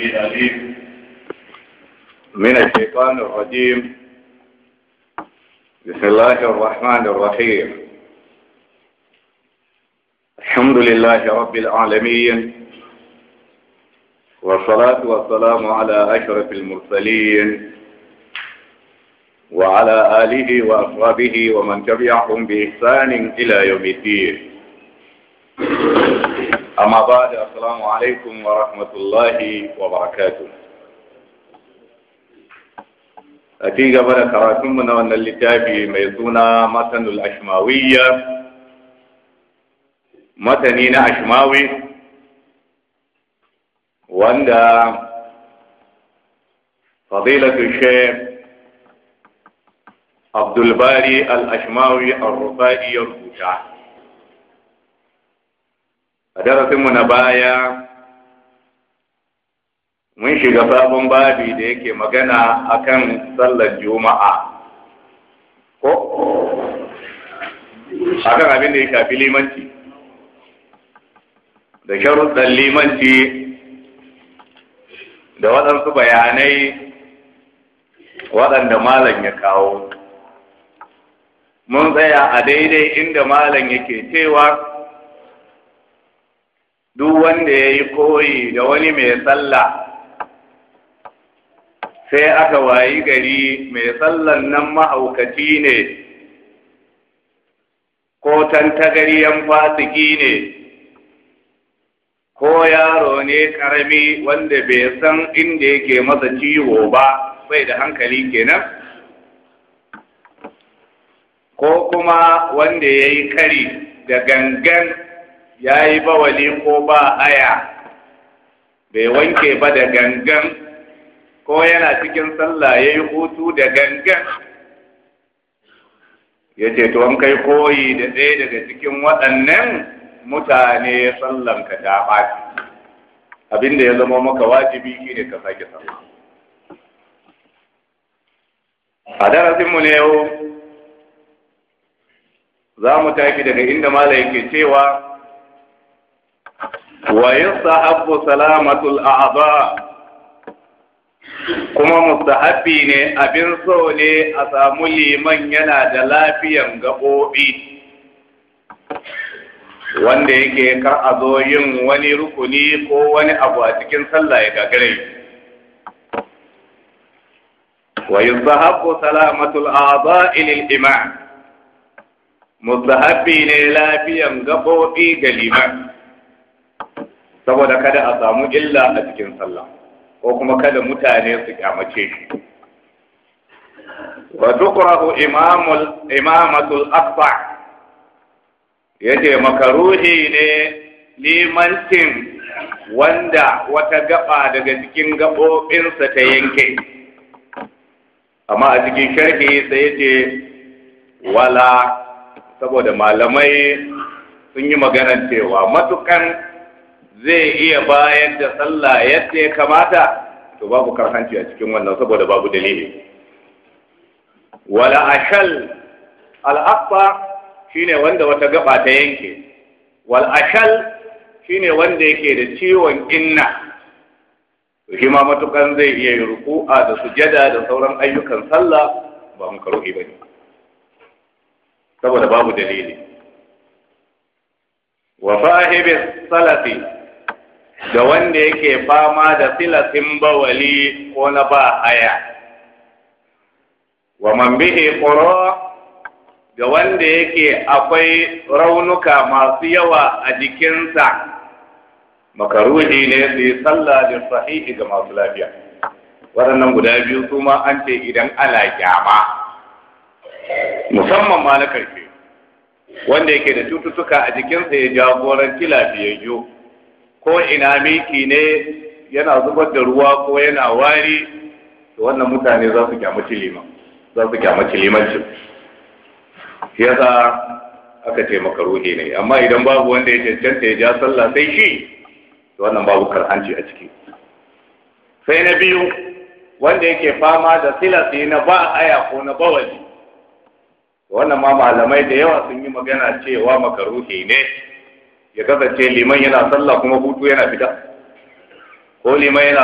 السميع العليم من الشيطان الرجيم بسم الله الرحمن الرحيم الحمد لله رب العالمين والصلاة والسلام على أشرف المرسلين وعلى آله وأصحابه ومن تبعهم بإحسان إلى يوم الدين أما بعد السلام عليكم ورحمة الله وبركاته أتي قبل كراتم من أن اللتابي ميزونا متن الأشماوية متنين أشماوي وأن فضيلة الشيخ عبد الباري الأشماوي الرفائي البشاعي a darasinmu na baya mun shiga sabon babi da yake magana kan sallar juma'a ko A kan abin da ya shafi limanci da sharuɗan limanci da waɗansu bayanai waɗanda malam ya kawo mun tsaya a daidai inda malam yake cewa duk wanda ya yi koyi da wani mai sallah sai aka wayi gari mai sallan nan mahaukaci ne ko tantagaryen fasiki ne ko yaro ne karami wanda bai san inda yake masa ciwo ba bai da hankali kenan ko kuma wanda ya yi kari da gangan ya yi bawali ko ba aya, bai wanke ba da gangan ko yana cikin sallah ya yi hutu da gangan ya ce to an kai koyi da ɗaya daga cikin waɗannan mutane sallanka ta ɓaci abinda ya zama maka wajibi ne ka sake sallah a darasinmu ne yau za mu tafi daga inda mala yake cewa wa yastahabbu salamatul kuma mustahabbi ne abin so ne a samu liman yana da lafiyan gaɓoɓi wanda yake kar a zo yin wani rukuni ko wani abu a cikin sallah ya gagare wa yuzahabu salamatul a'dha'i lil imam mustahabbi ne lafiyan gaɓoɓi ga liman saboda kada a samu illa a cikin sallah ko kuma kada mutane su kyamace shi wa tukrahu imamul imamatul aqsa yake makaruhi ne nimancin wanda wata gaba daga cikin gabobinsa ta yanke amma a cikin sharhi sai yace wala saboda malamai sun yi maganar cewa matukan zai iya bayar da sallah yadda ya kamata to babu karhanci a cikin wannan saboda babu dalili wala ashal al-aqsa shine wanda wata gaba ta yanke wal ashal shine wanda yake da ciwon inna to shi ma matukan zai iya yi ruku'a da sujada da sauran ayyukan sallah ba ba bane saboda babu dalili wa sahibi salati da wanda yake fama da silasin bawali ko na ba haya wa man bihi qura da wanda yake akwai raunuka masu yawa a jikinsa makaruhi ne su yi sallah da sahihi ga masu lafiya waɗannan guda biyu su ma an ce idan ala kyama musamman ma na karfe wanda yake da cututtuka a jikinsa ya jagoranci lafiyayyu ko ina miki ne yana zubar da ruwa ko yana wari to wannan mutane za su kyamaci liman za su kyamaci limanci yasa aka ce maka ruhi ne amma idan babu wanda ya cancanta ya ja sallah sai shi to wannan babu karhanci a ciki sai na biyu wanda yake fama da silasi na ba aya ko na bawali wannan ma malamai da yawa sun yi magana cewa makaruhi ne ya kasance liman yana sallah kuma hutu yana fita ko liman yana